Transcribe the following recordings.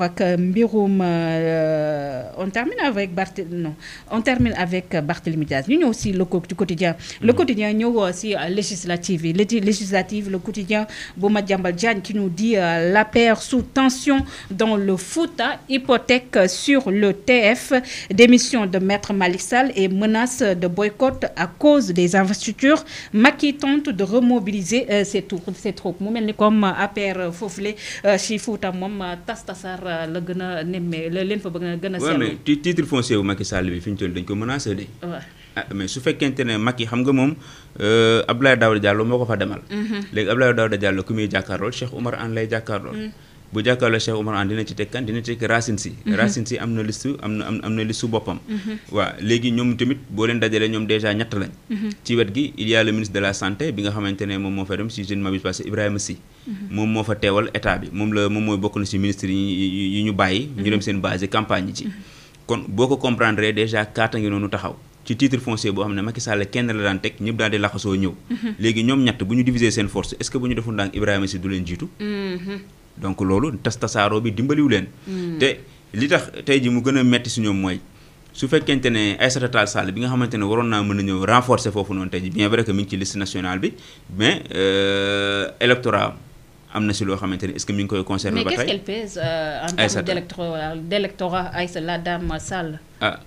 Euh, on termine avec on termine avec euh, Barthélemy Diaz Nous, avons aussi, le quotidien le mm. quotidien aussi euh, législative législative le quotidien bu qui nous dit la paire sous tension dans le Fouta hein, hypothèque sur le TF démission de Maître Malissal et menace de boycott à cause des infrastructures qui tente de remobiliser ses troupes ses troupes comme Euh, la gën a nemmee la leen fa bëgg na gën a seetlu mais titre foncier bu Macky Sall bi fi ñu toll dañ ko menacé de ah mais su fekkente ne Macky xam nga moom euh, Abdoulaye Daouda Diallo moo ko fa demal mhm. léegi Abdoulaye Daouda Diallo ku muy jàkkaarlool Cheikh Oumar Anne lay jàkkaarlool mm. bu jàkkaarloo Cheikh Oumar Anne dina ci teg kan dina ci teg Racine Sy mhm. Racine Sy am na liste am na am na liste boppam mhm. waaw léegi ñoom tamit boo leen dajalee ñoom dèjà ñett lañ mhm. ci wet gi il y a le ministre de la santé bi nga xamante ne moom moo fa dem si je ne m'abuse pas Ibrahima Sy moom moo fa teewal état bi moom la moom mooy bokk na si ministre yi ñu bàyyi ñu dem seen base campagne ci kon boo ko comprendre dèjà kaata ngi noonu taxaw ci titre foncier boo xam ne Macky Sall kenn la daan teg ñëpp daal di laxasoo ñëw léegi ñoom ñett bu ñu diviser seen force est ce que bu ñu defoon Ibrahim Ibrahima Sy du leen jiitu donc loolu tas tasaaroo bi dimbaliwu len hmm. te li tax tay ji mu gëna metti si ñoom mooy su fekkente ne Aïssata Tall Sall bi nga xamantene ne na mëna ñëw renforcer fofu non tay ji bien vrai que mi ngi ci liste nationale bi mais euh électoral amna ci lo xamante est-ce que mi ngi koy conserver ba tay mais qu'est-ce qu'elle pèse euh, en termes d'électorat d'électorat Aïssata Dame Sall. ah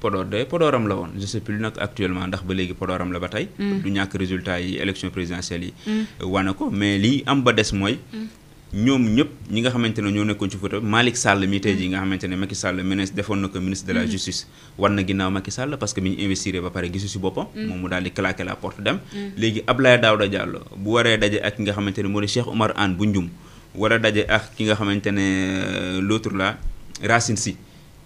Podor de Podoram la won je sais plus nag actuellement ndax ba légui Podoram la ba tey. Hmm. du ñak résultat yi élection présidentielle yi. Hmm. wanako mais li am ba des moy ñoom ñëpp ñi nga xamante ne ñoo nekkoon ci photo Malick Sall mi tey jii nga xamante ne Macky Sall ministre defoon na ko ministre de la mm-hmm. justice war na ginnaaw Macky Sall parce que mi ñu investir ba pare gisu si boppam mm-hmm. moom mu daal di claquer la porte dem mm-hmm. léegi Abdoulaye Daouda Diallo bu waree daje ak ki nga xamante ne moo di Cheikh Oumar Anne bu njum war a daje ak ki nga xamante ne l'autre là Racine Sy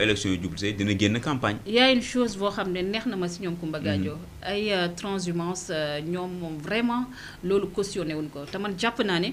élection du président dina génn campagne. il y a une chose boo xam ne neex na ma si ñoom Kumba mhm. Gadio. ay euh, transhumance euh, ñoom vraiment loolu cautionné wuñ ko te man jàpp naa ne.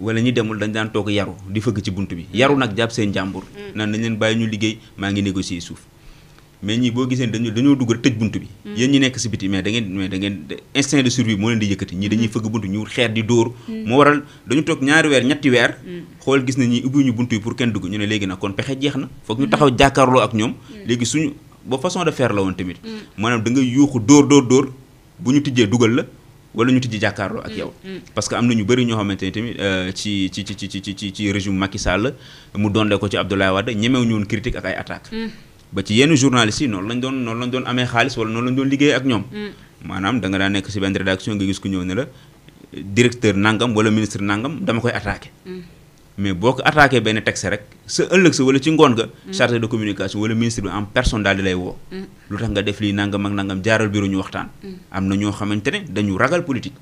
wala ñi demul dañ daan toog yaru di fëgg ci bunt bi yaru nag jàpp seen jàmbur mm. naan nañ leen bàyyi ñu liggéey maa ngi négocier suuf mais ñi boo gisee dañu dañoo dugg tëj bunt bi mm. yéen ñi nekk si biti mais dangeen ngeen mais da ngeen instinct de survie moo leen di yëkkati ñii dañuy mm. fëgg bunt ñu xeer di dóor moo waral dañu toog ñaari weer ñetti weer xool gis na ñi ubbi ñu bunt yi pour kenn dugg ñu ne léegi nag kon pexe jeex na foog ñu taxaw jàkkaarloo ak ñoom léegi suñu ba façon de faire la woon tamit maanaam da nga yuuxu dóor dóor dóor bu ñu tijjee dugal la wala ñu tijji jàkkaarloo ak mm, yow. Mm. parce que am na ñu bëri ñoo xamante ni tamit euh, ci ci ci ci ci ci régime Macky Sall mu doonle ko ci Abdoulaye Wade ñemewu ñu woon critique ak ay attaques. Mm. ba ci yenn journalistes yi noonu lañu doon noonu lañ doon amee xaalis wala noonu lañ doon liggéey ak ñoom. maanaam da nga daan nekk si benn rédaction nga gis ku ñëw ne la directeur nangam wala ministre nangam dama koy attaque mais boo ko attaqué benn texte rek sa ëllëg sa wala ci ngoon ga mm. chargé de communication wala ministre bi am personne daal di lay woo. Mm. lu tax nga def lii nangam ak nangam jaaral bureau ñu waxtaan. Mm. am na ñoo xamante ne dañu ragal politique.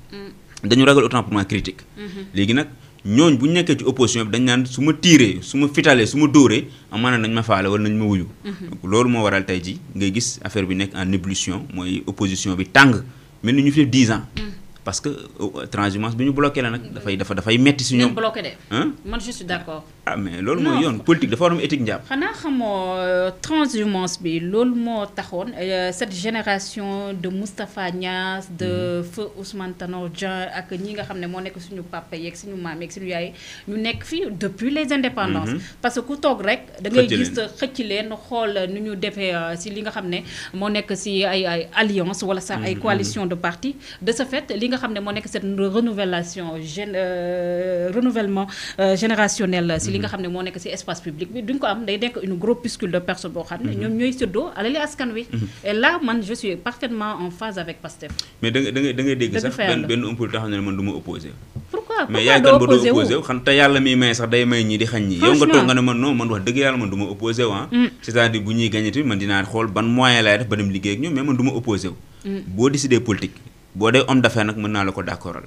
dañu ragal autant pour moi critique. Mm-hmm. léegi nag ñooñ bu ñu nekkee ci opposition bi dañ naan su ma tiiree su ma fitalee su ma dóoree amaana nañ ma faale wala nañ ma wuyu. Mm-hmm. loolu moo waral tey ji ngay gis affaire bi nekk en ébullition mooy opposition bi tàng mel ni ñu fi def 10 parce que euh, transhumance bi ñu bloqué la nag dafay dafa dafay metti si ñoom bloqué de hein? man je suis d'accord ah mais lool mooy yoon politique dafa war am éthique ñap xana xamo euh, transhumance bi loolu moo taxoon euh, cette génération de Mustapha Niass de mm-hmm. feu Ousmane Tanor Dieng ak ñi nga xamné mo moo nekk suñu papa yek suñu maam yeeg suñu yaay ñu nekk fi depuis les indépendances mm-hmm. parce que ku tok rek da ngay gis xëcc leen xol nu ñu defee si li nga xamné mo moo nekk si ay ay alliance wala sax ay mm-hmm. coalition de parti de ce fait nga xam ne moo nekk cette renouvellation gén euh, renouvellement euh, générationnel si li nga xam ne moo nekk si espace public bi duñ ko am day nekk une groupuscule de personnes boo xam ne ñoom ñooy séddoo alali askan wi mhm. et là man je suis parfaitement en phase avec Pastef mais da nga da nga ngay dégg sax benn benn umpul taxaw ne man du ma opposé pourquoi mais yaay gan ba doo opposé wu xam te yàlla miy may sax day may ñi di xañ ñi yow nga toog nga ne man non man wax dëgg yàlla man du ma opposé wu ah mm. c'est-à-dire bu ñuy gagné tamit man dinaa xool ban moyen laay def ba dem liggéey ak ñoom mais man du ma opposé wu mm. boo décidé politique boo dee homme d'affaires nag mën naa la ko d'accordal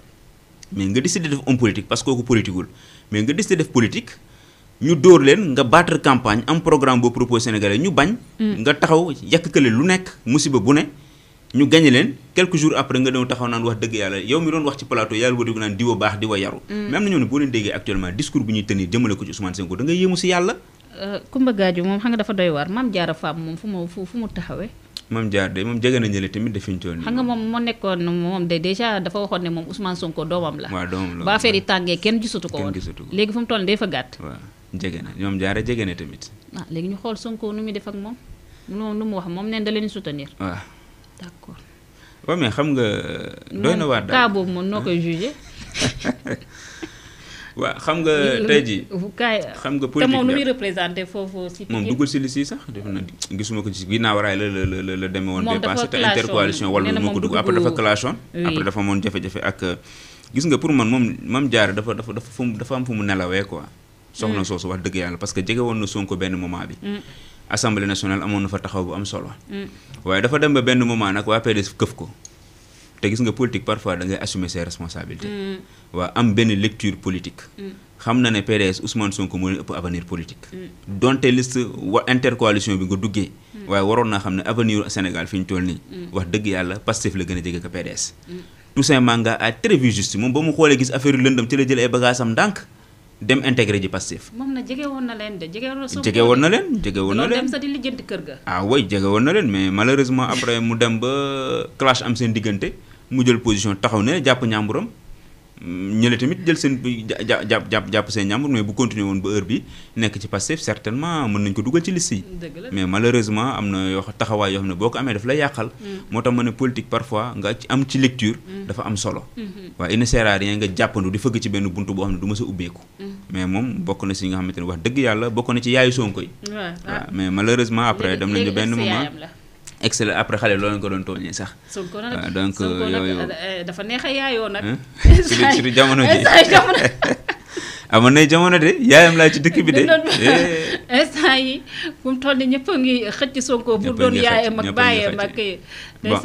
mais nga décider def homme politique parce que kooku mais nga décider def politique ñu dóor leen nga battre campagne am programme boo proposé Sénégalais ñu bañ. Mm. nga taxaw yàkkale lu nekk musiba bu ne. ñu gagné leen quelques jours après nga doon taxaw naan wax dëgg yàlla yow mi doon wax ci plateau yàlla wadigu diwa yaru mm. mais am na ñoo ne boo leen déggee actuellement discours bu ñuy tenir jëmale ko ci Ousmane Sonko da nga yéemu si yàlla euh, Coumba Gadio moom xam nga dafa moom jaar de moom jege na ñële tamit de fi ñu toll xam nga moom moo nekkoon moom de dèjà dafa waxoon ne moom Ousmane Sonko doomam la. waaw doomam la ba affaire yi tàngee kenn gisatu ko woon léegi fu mu toll nii day fa gàtt. jege na tamit. Ah, léegi ñu xool Sonko nu muy def ak moom nu mu wax moom neen da leen soutenir. waaw d'accord. waaw mais xam nga. doy na waar daal boobu moom noo koy jugé. xam nga tey ji xam nga politique te si. si li si sax def na gisuma ko ci ginnaaw raay la la la la demee woon. wala moo ko après dafa clashon. après dafa jafe-jafe ak. gis nga pour man moom mam jaar dafa dafa dafa dafa am fu mu quoi. soxna mm. soosu wax dëgg yàlla parce que jege woon na Sonko moment bi. Mm. assemblée nationale amoon fa taxaw bu am solo. Mm. waaye dafa dem ba moment nag waa PDS këf ko te gis nga politique parfois da ngay assumer ses responsabilités. Mm. wa am benn lecture politique. Mm. xam na ne PDS Ousmane Sonko moo leen ëpp avenir politique. Mm. donte liste wa intercoalition bi nga duggee. waaye waroon naa xam ne avenir Sénégal fi ñu toll nii. wax dëgg yàlla Pastef la gën a jege ko PDS. Toussaint Manga a très vu juste moom ba mu xoolee gis affaire yu lëndam ci la jël ay bagages am ndànk dem intégré ji Pastef. moom na jege woon na leen de jege woon na leen jege woon na leen dem sa di lijjanti kër ga. ah oui jege woon na leen mais malheureusement après mu dem ba clash am seen diggante. mu jël position taxaw ne jàpp ñàmburam ñële tamit jël seen jàpp jàpp jàpp seen ñàmbur mais bu continuer woon ba heure bi nekk ci Pastef certainement mën nañ ko dugal ci liste yi mais malheureusement am na taxawaay yoo xam ne boo ko amee daf la yàqal mm. moo tax ma ne politique parfois nga ci am ci lecture mm. dafa am solo mm-hmm. waa il ne sert nga jàppandu di fëgg ci benn bunt boo xam ne du ma sa ubbeeku mm. mais moom bokk na si nga xamante ne wax dëgg yàlla bokk ci yaayu Sonko ah. mais malheureusement après dem nañu benn moment excellent après xale loolu ko doon tool tooñee sax. Ah, donc yooyu euh, dafa neex a yaayoo nag. surtout jamono ji amoon nay jamono de yaayam laa ci dëkk bi de. instant eh. eh, yi bu mu toll nii ñëpp a ngi xëcc Sonko pour doon yaayam ak bàyyam ak. Eh,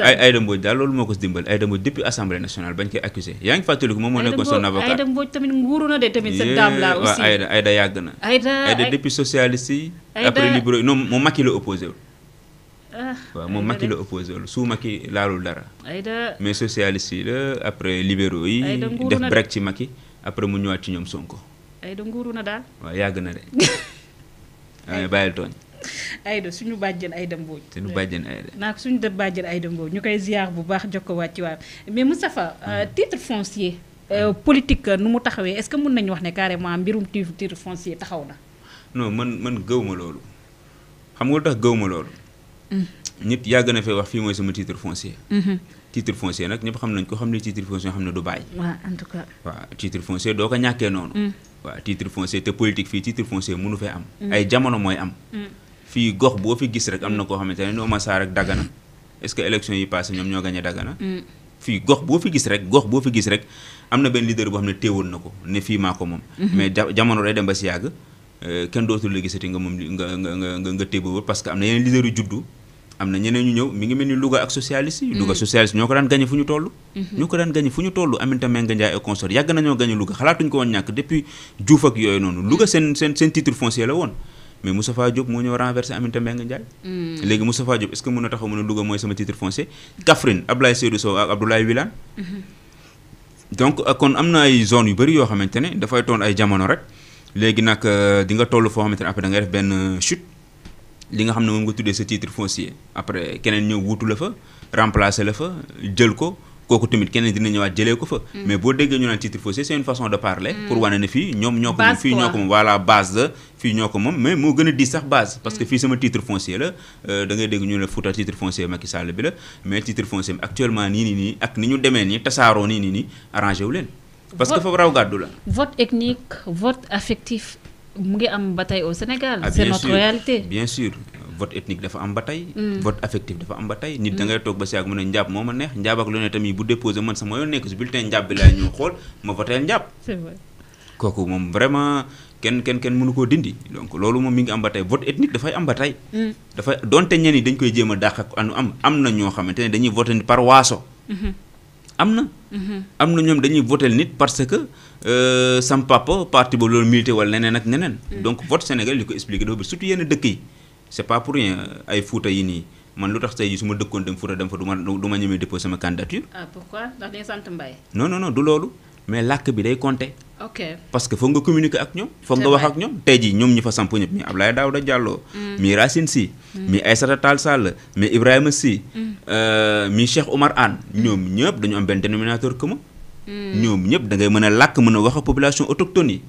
ay Aïda Mbodj daal loolu moo ko si dimbal Aïda Mbodj depuis assemblée nationale bañ koy accusé yaa ngi fàttaliku moom moo nekkoon son avocat Aïda Mbodj tamit nguuru na de tamit cette dame là aussi waaw yàgg na. Aïda Aïda depuis socialiste yi. après mu Macky la Ah, waaw moom Macky la opposé woon su Macky laalul dara. mais socialiste yi la après libéraux yi. def break ci Macky après mu ñëwaat ci ñoom Sonko. ayda nguuru na daal. waaw yàgg na de. waaye ah, bàyyil tooñ. ayda suñu bàjjen ayda Mbodj. suñu bàjjen ayda. naak suñu def bàjjen ayda Mbodj ñu koy ziar bu baax jokko waat ci waat mais Moustapha euh, hmm. titre foncier. Euh, hmm. politique euh, nu mu taxawee est-ce que mën nañu wax ne carrément mbirum titre foncier taxaw na. non mën man gëw ma loolu xam nga lu gëw ma loolu. nit ya gëna fee wax fii moy sama titre foncier. Mm-hmm. titre foncier nak ñep xam nañ ko xam ne titre foncier xam ne du bay wa en tout cas. wa titre foncier do ko ñaké non mm. wa titre foncier te politique fi titre foncier mënu fe am. Mm. ay jamono moy am. Mm. fi gox bo fi gis rek am na koo xamante ne ma sa rek dagana est-ce que élection yi passé ñom ñoo gagné dagana. fi gox bo fi gis rek gox bo fi gis rek am na leader bo xamne ne nako na ko ne fi maa ko mm-hmm. mais jamono day dem ba si yàgg euh, ken dootul la gisati nga mom nga nga nga nga parce que am na yeneen leader yu juddu. am na ñeneen ñu ñëw mi ngi mel ni Louga ak socialiste yi Louga mm-hmm. socialiste ñoo ko daan gañe fu ñu toll mm-hmm. ñoo ko daan gañe fu ñu toll Aminata Mbengue Ndiaye et consort yàgg nañoo gañe Louga xalaatuñ ko woon ñàkk depuis Diouf ak yooyu noonu Louga seen seen seen titre la woon mais Moustapha Diop moo ñëw renversé Aminata Mbengue Ndiaye mm. léegi Moustapha Diop est-ce que mën a taxaw mu ne Louga mooy sama titre foncier Kaffrine Abdoulaye Seydou Sow ak Abdoulaye Wilane mm-hmm. donc euh, kon am na ay yu bëri yoo xamante ne dafay toon ay jamono rek léegi nag euh, di nga toll foo xamante ne après da ngay def euh, li nga xam ne moom nga tuddee sa titre foncier après keneen ñëw wuutu la fa remplacer la fa jël ko kooku tamit keneen dina ñëwaat jëlee ko fa. Mm. mais boo déggee ñu naan titre foncier c' est une façon de parler. pour mm. wane ne fii ñoom ñoo ko moom fii ñoo ko moom voilà base la fii ñoo ko moom mais moo gën a di sax base. parce que mm. fii sama titre foncier la euh, da ngay dégg ñu ne Fouta titre foncier Macky Sall bi la mais titre foncier actuellement nii nii nii ak ni ñu demee nii tasaaroo nii nii nii arrangé wu leen. parce que fa raw gàddu la. vote technique, vote affectif. mu ngi am ba tey au Sénégal. Ah, c'est notre réalité bien sûr vote ethnique dafa am ba tey. Hmm. vote affectif dafa am ba tey. nit hmm. da ngay toog ba si ak mu ne njaab moo a neex njaab ak lu ne tamit bu déposé man sama yoon nekk si bulletin njaab bi laay ñëw xool kooku moom vraiment kenn kenn kenn mënu koo dindi donc loolu moom mi ngi am ba tey vote ethnique dafay am ba tey. Hmm. dafay donte ñenn yi dañ koy jéem a dàq ak am am na ñoo xamante ne dañuy voté par waaso. amna na. Mhm. ñom dañuy parce que euh, sam papa parti bo loolu milité wala mm. donc vote Sénégal liko expliquer expliqué surtout yene dëkk yi c'est pas pour rien euh, ay Fouta yi man lutax tay dem Fouta dem fa duma duma Nous déposer sama candidature. ah pourquoi ndax non non non du lolu mais làkk bi day parce que nga communiquer ak nga wax ak ñu fa samp Daouda Diallo. Mm. Mm. mi Ibrahima Euh, mi Cheikh Omar Anne ñoom ñëpp dañu am benn dénominateur commun. ñoom ñëpp da ngay mën a làkk mën a wax a population autochtone yi.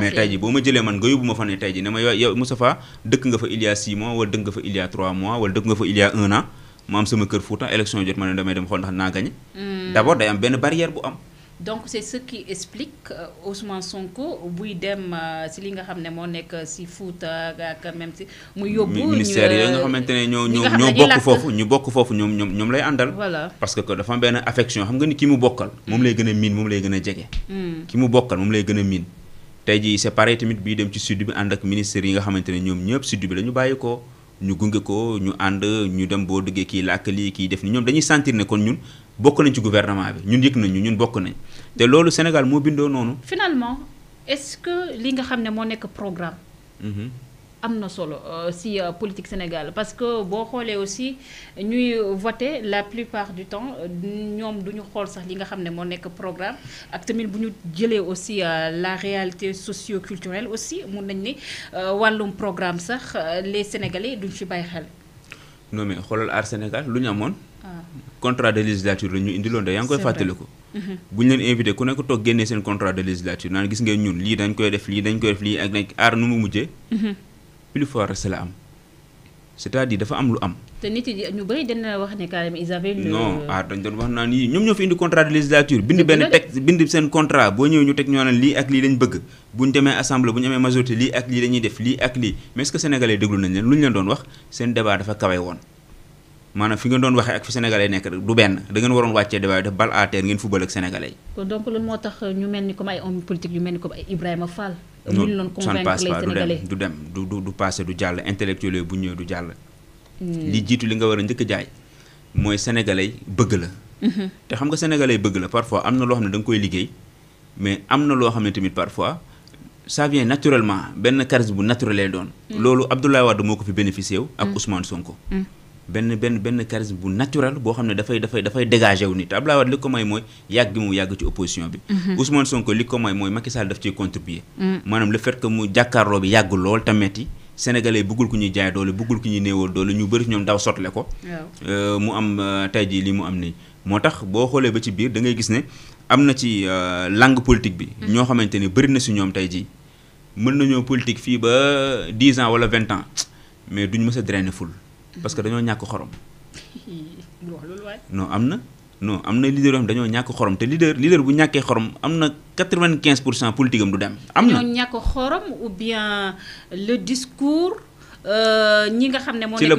mais tey boo ma jëlee man nga yóbbu ma fa ne tey jii ne ma yow Moustapha dëkk nga fa il y a 6 mois wala dëkk nga fa il y mois wala dëkk nga fa il y a 1 an ma am sama kër Fouta élection jot ma ne damay dem xool ndax naa gagné. Hmm. d' day am benn barrière bu am. donc c'est ce qui explique euh, Ousmane Sonko buy dem euh, si li nga vous mo nek ci euh, foot, ak même ci mu yobbu ministère nga ñoo ñoo bokk fofu ñu bokk fofu ñom ñom lay andal parce que dafa am affection xam nga ni ki mu bokkal. mom lay gëna a mom lay gëna a hmm. ki mu bokkal mom lay gëna a tay ji tamit bi dem ci sud bi and ak ministère nga sud bi lañu bayiko ñu gungé ko ñu and ñu dem bo duggé ki def ni dañuy sentir kon ñun bokku nañ ci gouvernement bi ñun yëg ñu ñun bokk nañ te loolu Sénégal moo bindoo noonu. finalement est-ce que li nga xam ne moo nekk programme. Mhm. am na solo euh, si euh, politique Sénégal parce que boo xoolee aussi ñuy voter la plupart du temps ñoom duñu ñu xool sax li nga xam ne moo nekk programme ak tamit bu ñu jëlee aussi euh, la réalité socio-culturelle aussi mun nañ ni wàllum programme sax les Sénégalais duñ ci bàyyi xel. non mais xoolal aar Sénégal lu ñu amoon. contrat de législature la ñu indi de yaa ngi koy fàttaliku mhm. bu ñu leen invité ku nekk toog génnee seen contrat de législature naan gis ngeen ñun lii dañ koy def lii dañ koy def lii ak mhm. am lu am te nit yi ñu ñoo fi indi contrat de législature bind benn texte ñu teg ñoo naan lii ak lii lañ bu ñu demee assemblée bu ñu amee def lii ak lii mais nañ leen lu ñu leen doon wax seen débat dafa kawe woon maanaam fi ngeen doon waxee ak fi sénégalais nekk du benn da ngeen waroon wàccee débat def bal à terre ngeen football ak sénégalais yi. donc loolu moo tax ñu mel ni comme ay hommes politique ñu mel ni comme ay Ibrahima Fall. ñu loon convaincre les sénégalais du dem du dem du du passé du jàll intellectuel yooyu bu ñëwee du jàll. Hmm. li jiitu li nga war a njëkk jaay mooy sénégalais bëgg la. Mm-hmm. te xam nga sénégalais bëgg la parfois am na loo xam ne da nga koy liggéey mais am na loo xam ne tamit parfois. ça vient naturellement benn charisme bu naturel lay doon. Hmm. loolu Abdoulaye Wade moo ko fi bénéficié ak hmm. Ousmane Sonko benn benn benn charisme bu naturel boo xam ne dafay dafay dafay dégagé wu nit Abdoulaye Wade li ko may mooy yàgg gi mu yàgg ci opposition bi. Mhm. Ousmane Sonko li ko may mooy Macky Sall daf ciy contribuer. Mm. maanaam le fait que mu jàkkaarloo bi yàgg lool tamit sénégalais bëggul ku ñuy jaay doole bëggul ku ñuy néewal doole ñu bëri ñoom daw sotle ko. Euh, mu am euh, tey jii li mu am nii. moo tax boo xoolee ba ci biir da ngay gis ne am na ci euh, langue politique bi. Mm. ñoo xamante ne bëri na si ñoom tey jii mën nañoo politique fii ba 10 ans wala 20 ans mais duñ mës a drainer ful. parce que dañoo ñàkk xorom. non am na. no am na leader yoo dañoo ñàkk xorom te leader leader bu ñàkkee xorom am na 95 pour cent politique am du dem. am na ñoo ñàkk xorom ou bien le discours euh, ñi nga xam ne moo nekk